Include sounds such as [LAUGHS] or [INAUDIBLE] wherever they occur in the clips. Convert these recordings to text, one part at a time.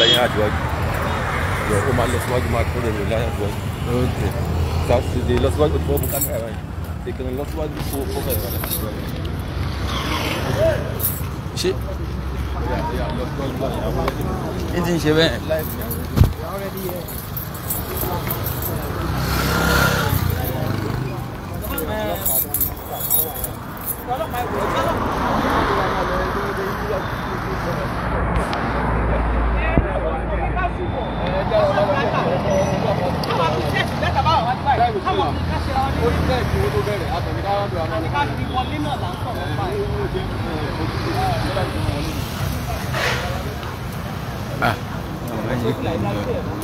lẹ́yìn àjọyọ̀ ó máa lọ síwájú máa kúrò lórí lẹ́yìn àjọyọ̀ sátidé lọ síwájú tó bọ́ kámẹ́rà rẹ̀ ìkànnì lọ síwájú tó bọ́ kámẹ́rà rẹ̀. ṣé n ti ń ṣe bẹ́ẹ̀. ọlọ́pàá ìwé ọjọ́. 他就是他现在服务都可以啊，等其他地方啊。你看，一个人领了两桶，哎，我们也可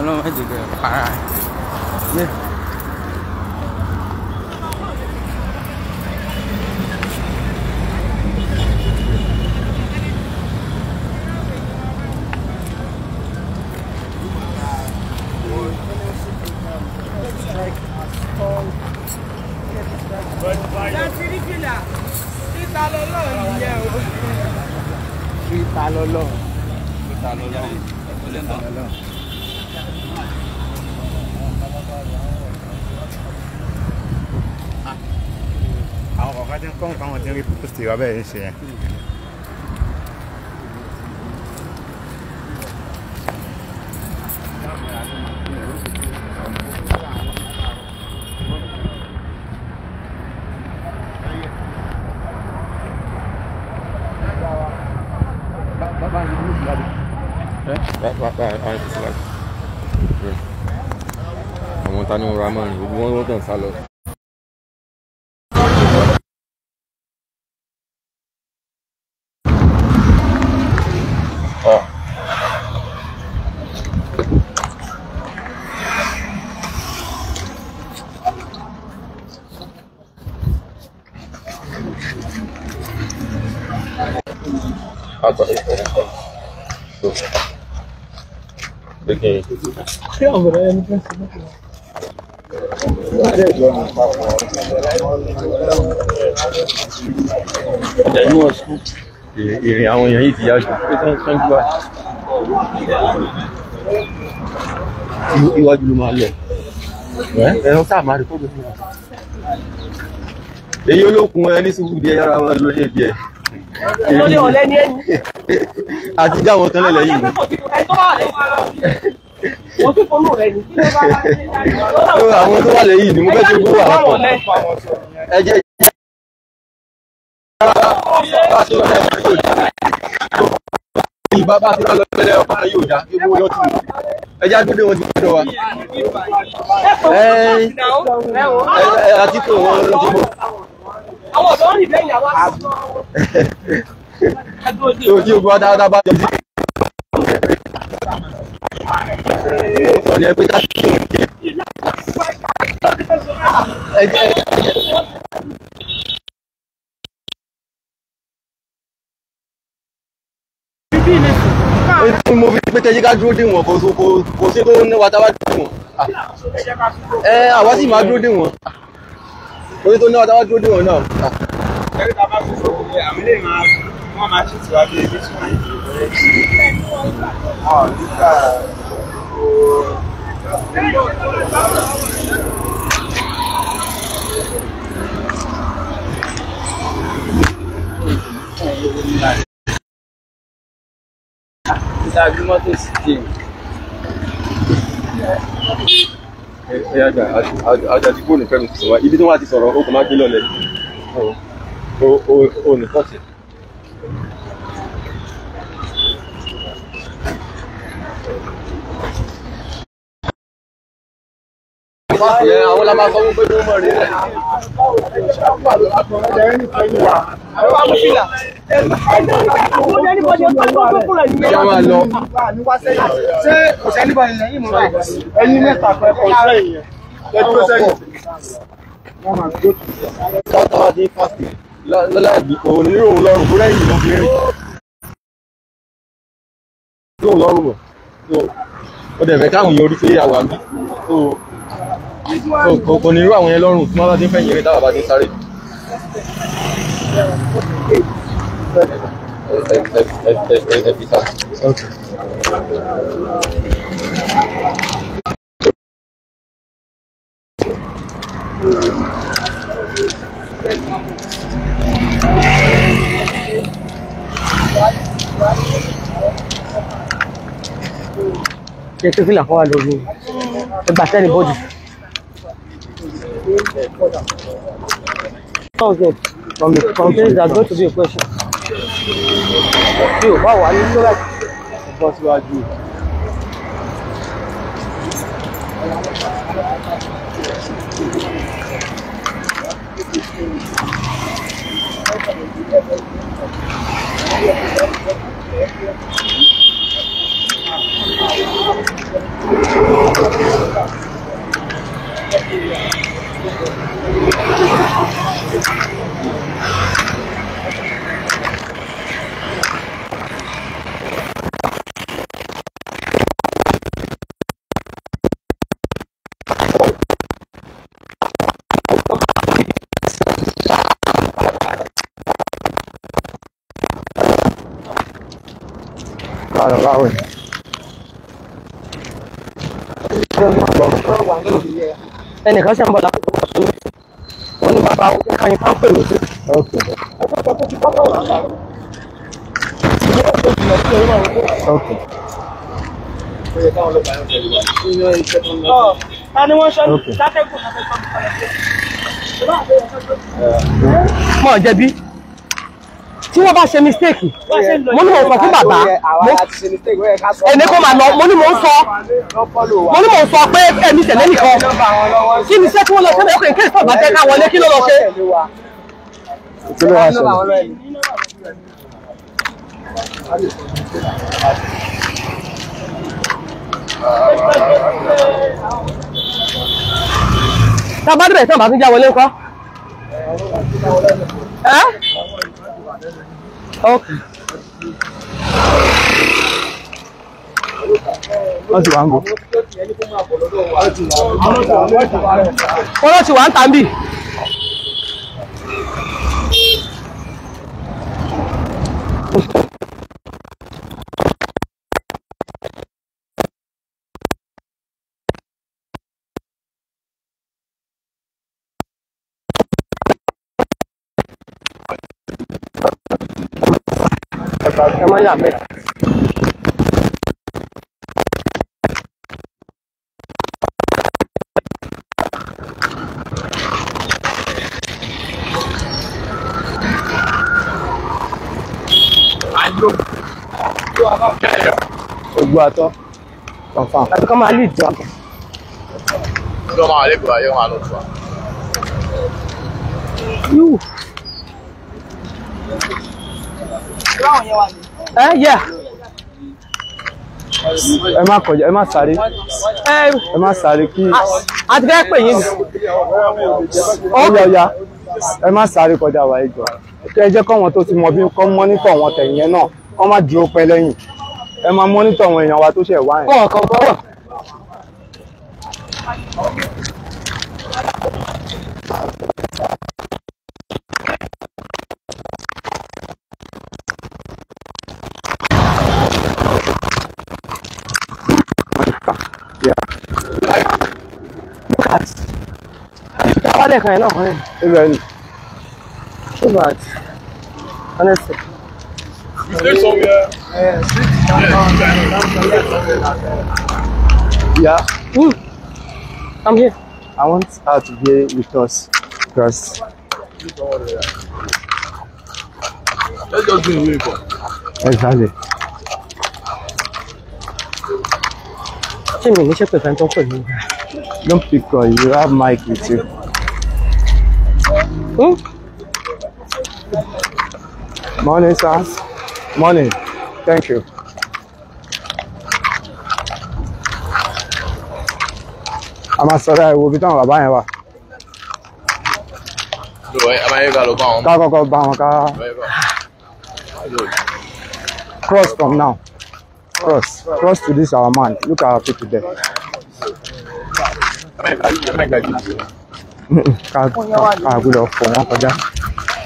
我弄完这个，啊，你。Digo, a ver, ese. Vai, vai, vai, vai, vai. montar no Raman, vou dançar logo. Agora eu Peguei. Calma, né? Não precisa. Ọjà inú ọ̀sán ìrìn àwọn èèyàn yìí ti yájú pé tán jù wá. Iwájú ló máa lọ. Ẹ̀rọ sáà máa rí kó lóṣù náà. Èyí olókun ẹni sùúrù díẹ̀ yára wọn lóye díẹ̀ lórí ọ̀lẹ́ ní ẹni. àti jáwọ́ tẹ́lẹ̀ lẹ́yìn. àwọn tó wà lẹ́yìn ni mo fẹ́ ṣe gbogbo àwọn ẹ jẹ́ jẹ́ bàbá tí wọ́n lọ lẹ́lẹ́ yóò dá ewu yóò tún ẹ já gbé wọn ti gbọ́dọ̀ wa. ẹ ẹ àti wọn ló ti bọ àwọn ọ̀dọ́ rìn lẹ́yìn àwọn àgbà. tó kí dáadáa bá jọ ọ̀nà ẹgbẹ́ tá ti mo fi pété yíká dúró dè wọ́n kò sí kò ní wa tá a ẹ àwa sì máa dúró dè wọ́n orí tó ní ọ̀tá wọ́n dúró dé náà. Ah. ẹ̀rí ta bá fi fòkò pé àwọn ilé máa wọ́n máa ṣe tiwa bí ah, tí wọ́n yìí rẹ̀ sí. ọ̀ nígbà Tá, viu uma ẹ àgbà àjàdí fóònù fẹ́mi sì wá ibi tí wọ́n ti sọ̀rọ̀ ó kò má gbé lọ́lẹ̀ o ní kọ́ọ̀tì. àwọn làbá sọ wípé wọ́n mọ̀ rí rẹ̀ wà mú fìlà. Mo jẹ́ nípa ṣe tó tó kúrò ní ìyá mi. Ṣé kò sẹ́ni bá ilẹ̀ yìí mú báyìí? Ẹyin mẹ́ta pẹ́ kọ́ sẹ́yìn yẹn. Ẹ dúró sẹ́yìn. Wọ́n máa gbó tù. Káta ní fásitì lọ́la òun ní òun lọ́rùn kúrẹ́ yìí ló fi rí. Yóò lọ́rùn bọ̀. Ó dẹ̀ fẹ́ káwọn yẹn orí pé àwa mi kò ní irú àwọn yẹn lọ́rùn tí wọ́n bá ti ń fẹ̀yìn eré táwọn bá ti ń sáré. Okay. jẹ́ kí fílà kan wà lórí ẹgbà tẹ́lẹ̀ bọ́dì. Tọ́sí ẹ̀dì from the country that go to be a question. Tí o bá wà ní Sọ́lájì, bọ́ síwájú. Thank you. padà láwẹ̀. ẹnìkan ṣe ń bọ̀ lákòókò wọn sí mẹ́tì wọn ní bàbá wọn kàn wọ́n ṣọ́ látẹ̀kùn mọ̀ jẹ̀bi tí wọ́n bá ṣe mistake mo ní mo sọ fún bàbá èmi kò máa lọ mo ní mo ń sọ mo ní mo ń sọ pé èmi tẹ̀lé nìkan kí ni iṣẹ́ tí wọ́n lọ sẹ́lẹ̀ ọkùnrin kí ìfọ̀gbà tẹ ká wọlé kí ló lọ ṣe. tá a bá dìbẹ̀ tí wọ́n bá tún já wọlé ńkọ́. Okay. Oh. wọ́n ti wà ń gò. wọ́n ti wà ń tàbí. Come on, yeah, mate. Ogun atọ́, confam. Àti kọ́ jọ àpò. Lọ máa lè gbọ́ ayé wọn lọ fún ẹ eh, yẹ ẹ má kọjá ẹ má sáré ẹ má sáré kí. a ti fẹ́ pè yín. ọ̀ya ọ̀ya ẹ má sáré kọjá wa ìjọ ẹ jẹ́ kọ́ wọn tó ti mọ bí kọ́ mọ́nítọ̀ wọn tẹ̀yìn yẹn náà kọ́ má dúró pẹ́ lẹ́yìn ẹ má mọ́nítọ̀ wọn èèyàn wa tó ṣẹ̀ wá yẹn. yeah. Look at. Why they can't know? Even. So bad. Honestly. Is there somewhere? Yeah. Yeah. yeah. Mm. I'm here. I want her to be with us because. Let's just do it. Exactly. kí mi níṣẹ́ pẹ̀lú tó ń pè don't pick on you have mic with you. Hmm? morning sir morning thank you. a máa sọ̀rọ̀ ẹ̀ wo ibi táwọn bàbá yẹn wà. ká kọ́kọ́ bá wọn cross from now. Cross. Cross to this our man. Look at our people there.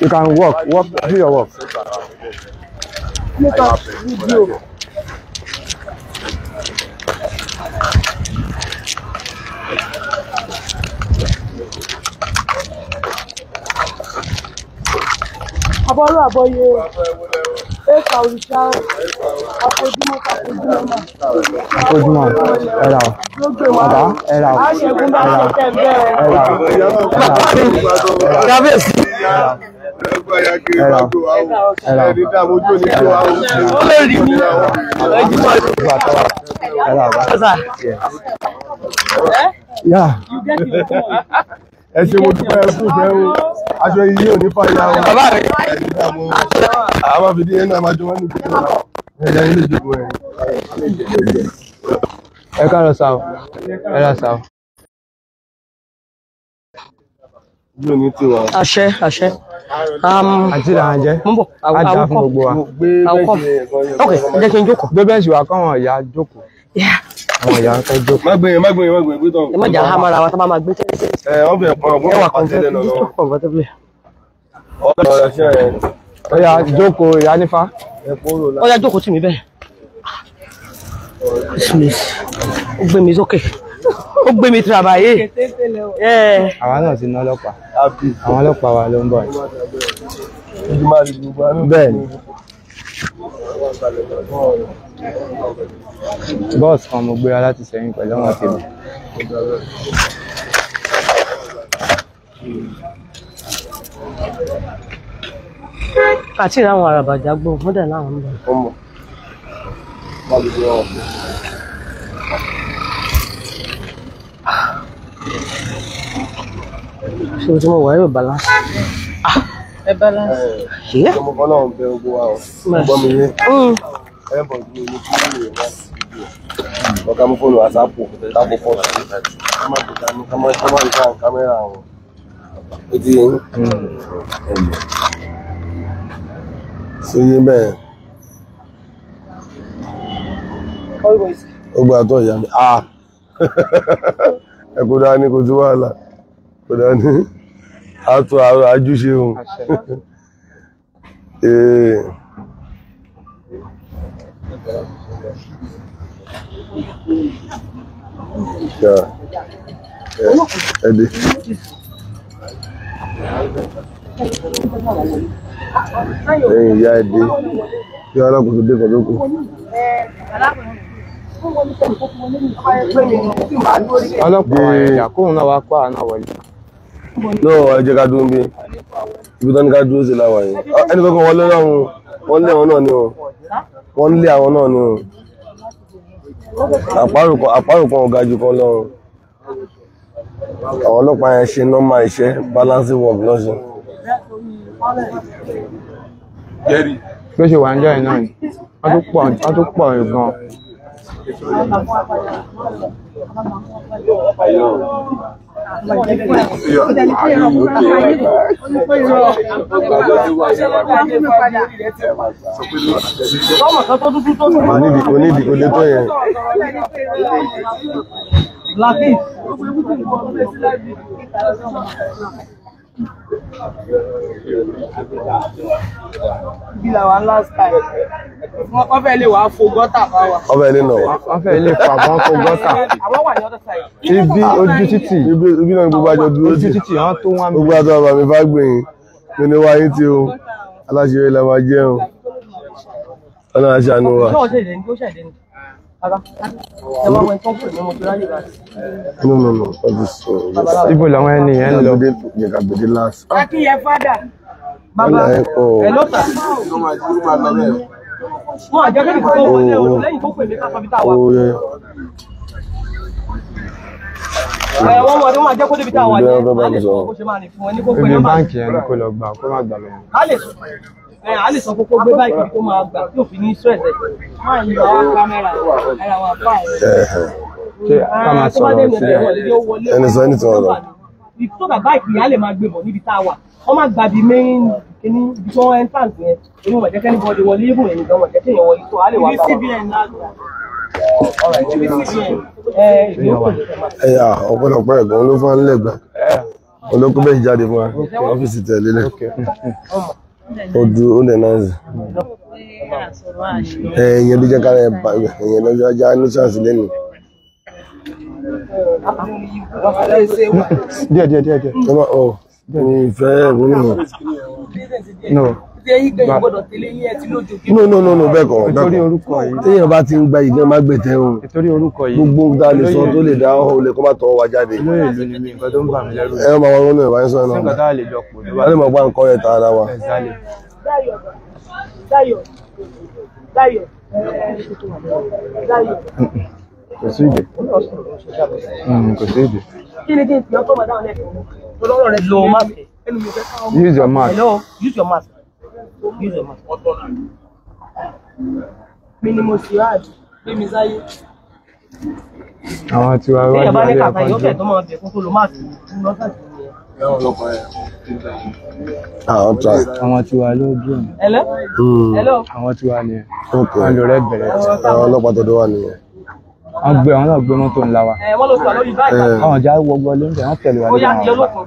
You can walk. Walk. Do your work. Make a video ẹ̀ka òrìṣà àfojúmọ́ àfojúmọ́ ẹ̀rà bàbá ẹ̀rà ẹ̀rà kábíyèsí. Ẹ̀rà ẹ̀rà ó lè rí mi ẹ̀jú mọ́ ẹ̀rà bàbá. Yeah. You get it ẹ ṣe mo dúpẹ́ ẹ fẹ́ o aṣọ yìí ò ní fàyà o bàbá rẹ àwọn fìdí ẹ̀ náà máa jọ wọ́n ní ìdílé wa ẹ̀dá ilé ìdìbò ẹ̀. ẹ káàárọ̀ sáà ẹ rà sáà. yóò ní tiwa. àṣẹ àṣẹ. Um, àti ìlànà jẹ àjà fún gbogbo wa. ok jẹ́ kí n jókòó. gbé bẹ́ẹ̀ sì wá káwọn ọ̀yà jókòó àwọn ìyá fẹ́ jó. má gbé má gbé má gbé gbé tán. ẹ má jà á mara wa tá bá máa gbé tẹ́lẹ̀. ẹ wọ́n fi ẹ̀kọ́ ọgbọ́n wà kọ́ńtẹ́lẹ̀ lọ. ó yá jókòó ìyá nífa. ó yá jókòó tì mí bẹ́ẹ̀. ó gbé mi sókè ó gbé mi tìrabàyè. àwa náà ti ná ọlọ́pàá àwọn ọlọ́pàá wa ló ń bọ̀ yìí. bẹ́ẹ̀ ni bọ́ọ̀sì kan mo gbéra láti sẹ́yìn pẹ̀lú ọ̀nà tèmi. àti ìráwọn àràbàjá gbọ́ mọ́dà láwọn ń bọ̀. ọmọ má lè gbé wọn. ṣé o ti mọ wàá yóò balance. Ah, ẹ balance. ṣé. ọmọ kan náà ń bẹ ogun wa o. gbọ́ mi yé. Mm ẹbọ ju omi tí wọn lè wá síbi ọ ọkà mú fóònù wàsápù káàpù pọ sí ká má dùn dání ká má ká má nǹkan kámẹ́rà àwọn ó ti yẹn ẹ̀mọ́ sí yín bẹ́ẹ̀. ó gba àtọ̀ ìyá mi ah ẹ kó dání kó tí wàhálà kó dání àtọ̀ àjúṣe òun. Ya. Hadi. Lẹ́yìn ìyá Adé, kí alákòóso dé pẹ̀lú òkú. Alákùnrin àkóhùn náà wá ẹ jẹ́ ká dúró bí. Ibi tó ní ká dúró sí láwàá yìí. Ẹnì kankan wọlé náà. wọ́n lé àwọn náà ni o wọ́n àwọn náà ni o àpárò kan ọ̀gá jù kan lọ́rùn àwọn ọlọ́pàá yẹn ṣe nọ́mà iṣẹ́ balancing work lọ́sùn. bí ó ṣe wà ń onídìí kò tó yẹn. Blackie bí làwọn last time wọ́n fẹ́ lè wàá fo gọ́tà bá wa. wọ́n fẹ́ lè nà wá. wọ́n fẹ́ lè fà wọ́n fo gọ́tà. àwọn wà ní ọ̀dọ̀ sáyé. ibi ojú títì. ibi náà gbogbo àjọ dúró sí. ojú títì hàn tó wá mi. gbogbo àjọ àbàmì bá gbẹ̀yìn kí ni wáyé tí o aláṣẹ ilẹ̀ máa jẹun. ọ̀nà àṣà ni wà. ṣé ọ̀ṣẹ̀ ìdẹ́ni ó ṣẹ̀ ìdẹ́ni. No, no, no. All this, uh, yes. People are wearing the end the last. Aki, your father. Baba. Hello, sir. No, my guru, my mother. Wọ́n àjẹ́gbẹ́ nìkan tó wọlé o oh. lẹ́yìn tó pè mí ká sọ́bí táwa. Oh, ẹ wọ́n wọ́n ní wọ́n àjẹ́ kó débi táwa yẹn. Má lè sọ bó ṣe máa lè fún kó pè nọ́mbà. Ibi báǹkì yẹn ni lọ gbà kó má gbà lọ. Má lè sọ ẹ á lè sọ kókó gbé báyìí kó máa gbà tí òfin ní sọ ẹsẹ máa ń yọ kámẹ́rà ẹ̀rọ àwọn àbá ẹ̀ ṣe ká máa sọ̀rọ̀ sílẹ̀ ẹni sọ ẹni tọ̀rọ̀ lọ. tó bàbá ìpìyà lè máa gbébọ̀ níbi tá a wà wọ́n máa gbàbí mẹ́rin kìíní ibi tí wọ́n entrance yẹn èyí wọ̀n jẹ́kẹ́ níbo ọdẹ wọlé ibùn èyí gan wọ̀n jẹ́kẹ́ yẹn wọlé tó a lè wà bá ẹyà ọ̀pọ̀lọpọ̀ ẹ̀gbọ́n ló fà ń lẹ̀gbọ́n olókùnbẹ̀ ìjáde fún wa ọ́fíìsì tẹ̀lé lẹ̀. [LAUGHS] odu onenanzi ẹ̀yìn ló jẹ́ ká rẹ̀ bá ẹ̀yìn ló jẹ́ ajá ní chance lẹ́nu. díẹ̀ díẹ̀ díẹ̀ díẹ̀. ọmọ ọ mi fẹ́ ẹ̀rọ nìyẹn tẹ yín gan ìgbọ́dọ̀ tẹ̀lé yín ẹ ti lójú kí. no no no no bẹ́ẹ̀ kọ́ nítorí orúkọ yìí. téèyàn bá ti ń gba ìgbẹ́ má gbẹ̀tẹ̀ o. nítorí orúkọ yìí. gbogbo da lè sọ tó lè dá ọ lè kọ́ bá tọ́ wa jáde. olóyè ìlú ni mi nǹkan tó ń bà mí lẹ́rù. ẹ máa wọn lọ́nà ìwà ẹ̀sán náà. nígbà tá a lè jọ pò níwájú. wọ́n lè máa gbá nǹkan rẹ̀ tààrà wa. Dayọ̀ Dayọ̀ Dayọ̀ Dayọ̀ kò sí hmm, lo mask. use your mask. hello use your mask mi ni mo sì ráàdì gbé mi sáyé. àwọn tí wàá wájú alẹ́ ọkọ jù. ìyọ̀bẹ̀ tó máa bẹ̀ kó tó lọ máa tù ú lọ́sàn àwọn tí wà hmm. àwọn tí wà ló dùn àwọn tí wà ní ẹ wọn lò rẹ bẹ̀rẹ̀ àwọn ọlọ́pàá tó dé wà nìyẹn wọn gbé wọn náà gbé mọ́tò wa eh, eh. àwọn ọjà wọgbọ ló ń tẹ̀lé wa lórí àwọn ọlọ́pàá.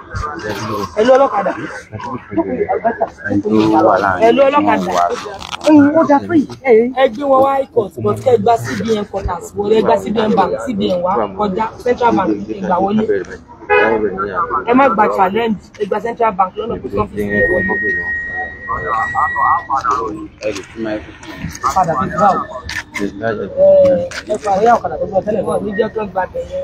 ẹlú ọlọ́kadà ẹlú ọlọ́kadà ó dá fún yìí. ẹ gbé wọn wá icos but kẹ gba cbn quarters wọlé gba cbn bank cbn wa kọjá central bank ìgbà wọlé ẹ má gba challenge ẹ gba central bank lọ́nà tó kàn padà fi gbà ó ẹ̀fà rí ọ̀kadà tó gbọ́ tẹ́lẹ̀ náà níjẹ́ tó gba tẹ̀yẹ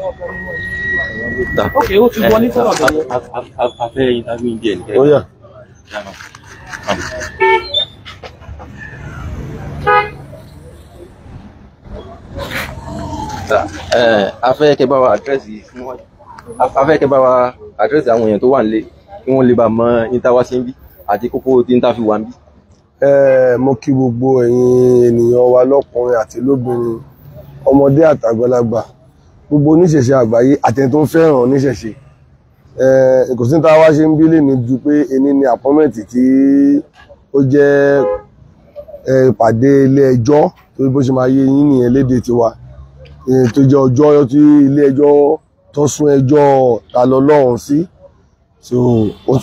kẹ́ bá wa àdírẹ́sì àwọn èèyàn tó wà nílé kí wọ́n lè bá mọ ní táwa ṣe ń bí àti kókó tí ń tàfi wà ń bí. ẹ mo kí gbogbo ẹ̀yin ènìyàn wa lọ́kùnrin àti lóbìnrin ọmọdé àtàgbàlagbà gbogbo oníṣẹ̀ṣe àgbáyé àtẹni tó ń fẹ́ràn oníṣẹ̀ṣe kò sí tá a wá ṣe ń bí lèmi ju pé ẹni ni àpọ́mẹ̀tì tí ó jẹ́ ìpàdé ilé ẹjọ́ tó bó ṣe máa yé yín nìyẹn léde tiwa tó jẹ́ ọjọ́ tí ilé ẹjọ́ tó sún ẹjọ́ ta lọ lọ́hùn sí so ó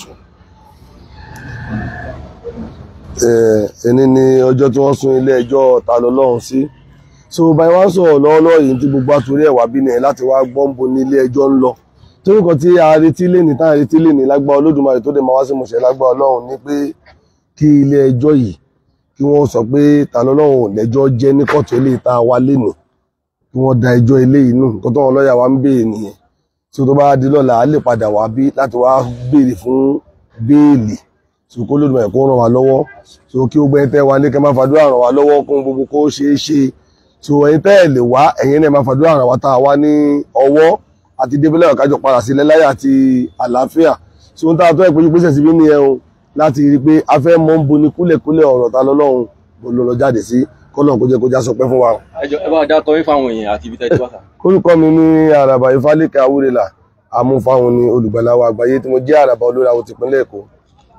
ẹni ni ọjọ́ tí wọ́n sún ilé ẹjọ́ ta lọ́lọ́run sí so báyìí wọ́n sọ̀rọ̀ lọ́wọ́lọ́wọ́ yìí tí gbogbo àtúrí ẹ̀wà bí nìyẹn láti wá gbọ́nbo ní ilé ẹjọ́ ń lọ torí kan tí a retí lè ní tá a retí lè ní lágbára olódùmarè tó dé máa wá sí mọ̀ṣẹ́ lágbára ọlọ́run ni pé kí ilé ẹjọ́ yìí kí wọ́n sọ pé ta lọ́lọ́run ò lẹ́jọ́ jẹ́ ní kóòtù eléyìí tá a wá lé kí wọ́n da ẹjọ́ eléyìí nù kó tó wọn wa ń béèrè nìyẹn tí ó tó bá di lọ́la á lè padà wá bí láti wá béèrè fún béèlì so kó lódùmọ̀ ẹ̀ kó ràn wá lọ́wọ́ so kí ó gbẹ́yìn tẹ́ wa ní kẹ́ máa fàdúrà ràn wá lọ́wọ́ kó gbogbo kó ṣeé ṣe so ẹ̀yin tẹ́ ẹ̀ lè wá ẹ̀yin náà máa fàdúrà ràn wá tá a wá ní ọwọ́ àti débílẹ̀ ọ̀kájọ padà sí lẹ́láyà àti àlàáfíà so ohun tá a tọ́ ẹ̀ péjú pèsè síbí ni ẹ̀hún láti rí i pé a fẹ́ mọ́ ń boni kúlẹ̀kúlẹ̀ ọ̀rọ̀ ta lọ́lọ́run bó jáde sí kọ́lọ́n kó jẹ́ kó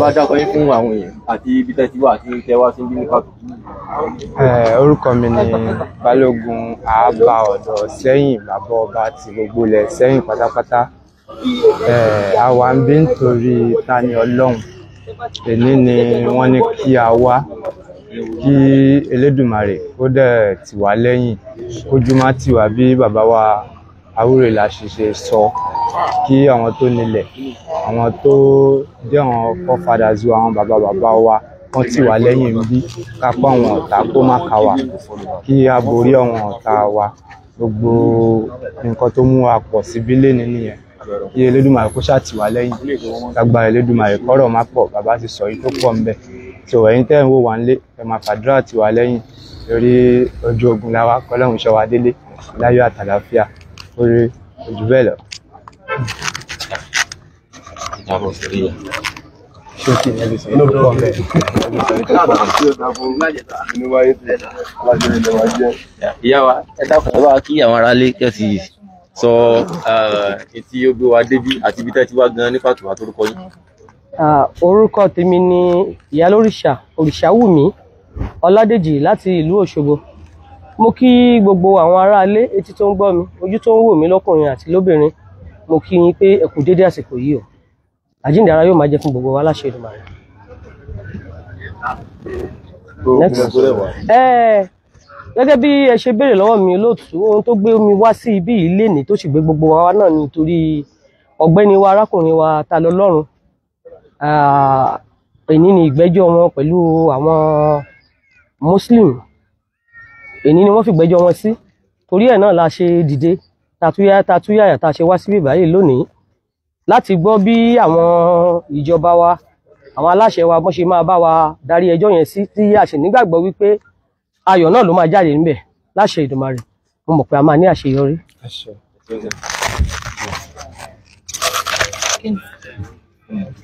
bá dákọ̀ yín fún àwọn èèyàn àti ibi tẹ́ ti wà àti tẹ́ wá sí bí ní pàtó. orúkọ mi ni balógun àábà ọ̀dọ̀ sẹ́yìn bàbá ọba ti gbogbo ilẹ̀ sẹ́yìn pátápátá àwa ń bí nítorí tani ọlọ́run èní ni wọ́n ní kí a wá kí elédùmarè kó dẹ̀ tì wá lẹ́yìn kójú má bí bàbá wa awúrò làṣìṣe sọ kí àwọn tó nílẹ̀ àwọn tó jẹ́ àwọn forefathers wa àwọn bàbá bàbá wa wọ́n tì wá lẹ́yìn bí ká pa àwọn ọ̀tá kó má ka wa kí a borí àwọn ọ̀tá wa gbogbo nǹkan tó mú wa pọ̀ síbí lénìí nìyẹn kí Elédùmarè kó ṣáà tì wá lẹ́yìn lágbára Elédùmarè kọ́rọ̀ má pọ̀ bàbá ti sọ yìí tó pọ̀ ń bẹ̀ tí ò ẹ̀yin tẹ́ ń wò wá fàdúrà tì wá lẹ́yìn lórí ojú ogun làwa kọ́lọ́hún ṣọ́ wa délé láyọ̀ àtàlàáfíà oore ojú bẹ́ẹ̀ lọ. ìyá wa ẹ dákun ẹ bá kí àwọn aráalé kẹsì sọ etí ó gbé wa débi àti ibi tẹ́ ti wá gan ní pàtó àtòrúkọ yín. orúkọ tèmi ni ìyálórìṣà òrìṣàwùmí ọládèjì láti ìlú òṣogbo mo kí gbogbo àwọn aráalé etí tó ń gbọ́ mi ojú tó ń wò mí lọ́kùnrin àti lóbìnrin mo kí yín pé ẹ kú dédé àsìkò yìí o àjíǹde ara yóò máa jẹ fún gbogbo wa láṣẹ Èdùmàrè. gẹ́gẹ́ bí ẹ ṣe béèrè lọ́wọ́ mi olóòtú ohun tó gbé mi wá sí ibí yìí lénìí tó sì gbé gbogbo wa náà nítorí ọ̀gbẹ́ni wa arákùnrin wa ta lọ lọ́rùn èyí ni ìgbẹ́jọ́ wọn pẹ̀lú àwọn muslim èní ni wọ́n fìgbẹ́jọ́ wọn sí torí ẹ̀ náà la ṣe dìde tatúyà tatúyàyà tá a ṣe wá síbí báyìí lónìí láti gbọ́ bí àwọn ìjọba wa àwọn aláṣẹ wa bọ́n ṣe máa bá wa darí ẹjọ́ yẹn sí tí a ṣe nígbàgbọ́ wípé ayọ̀ náà ló máa jáde níbẹ̀ láṣẹ Ìdùmarè mo mọ̀ pé a máa ní àṣeyọrí. Thank you.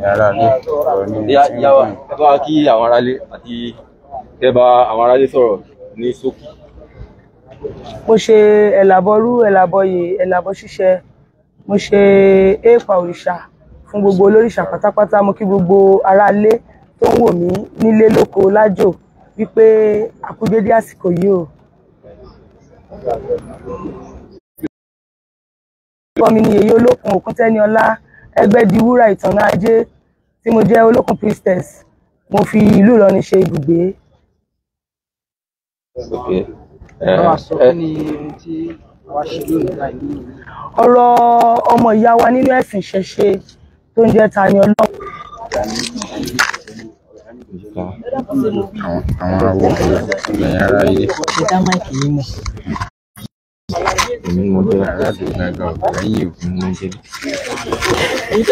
ìyáwá ẹ bá kí àwọn aráalé àti ẹ bá àwọn aráalé sọ̀rọ̀ ní ṣókí. mo ṣe ẹ̀làbọ̀rú ẹ̀làbọ̀yè ẹ̀làbọ̀ ṣíṣe mo ṣe éèpà òrìṣà fún gbogbo olóríṣà pátápátá mo kí gbogbo aráalé tó ń wò mí nílé lóko lájò wípé àkúdédé àsìkò yìí o. orúkọ mi ni èyí olókun òkúntẹ́niọlá ẹgbẹ́diwúrà ìtànà ajé tí mo jẹ́ olókùn priestess mo fi ìlú ìlọrin ṣe ibùgbé. Eh, eh. ọ̀rọ̀ ọmọ ìyá wa nínú ẹ̀sìn ìṣẹ̀ṣe tó ń jẹ́ Tani Olohun. àwọn àwọn awo ìgbẹ̀yìn ara yìí 你们摩托车是那个柴油发动机？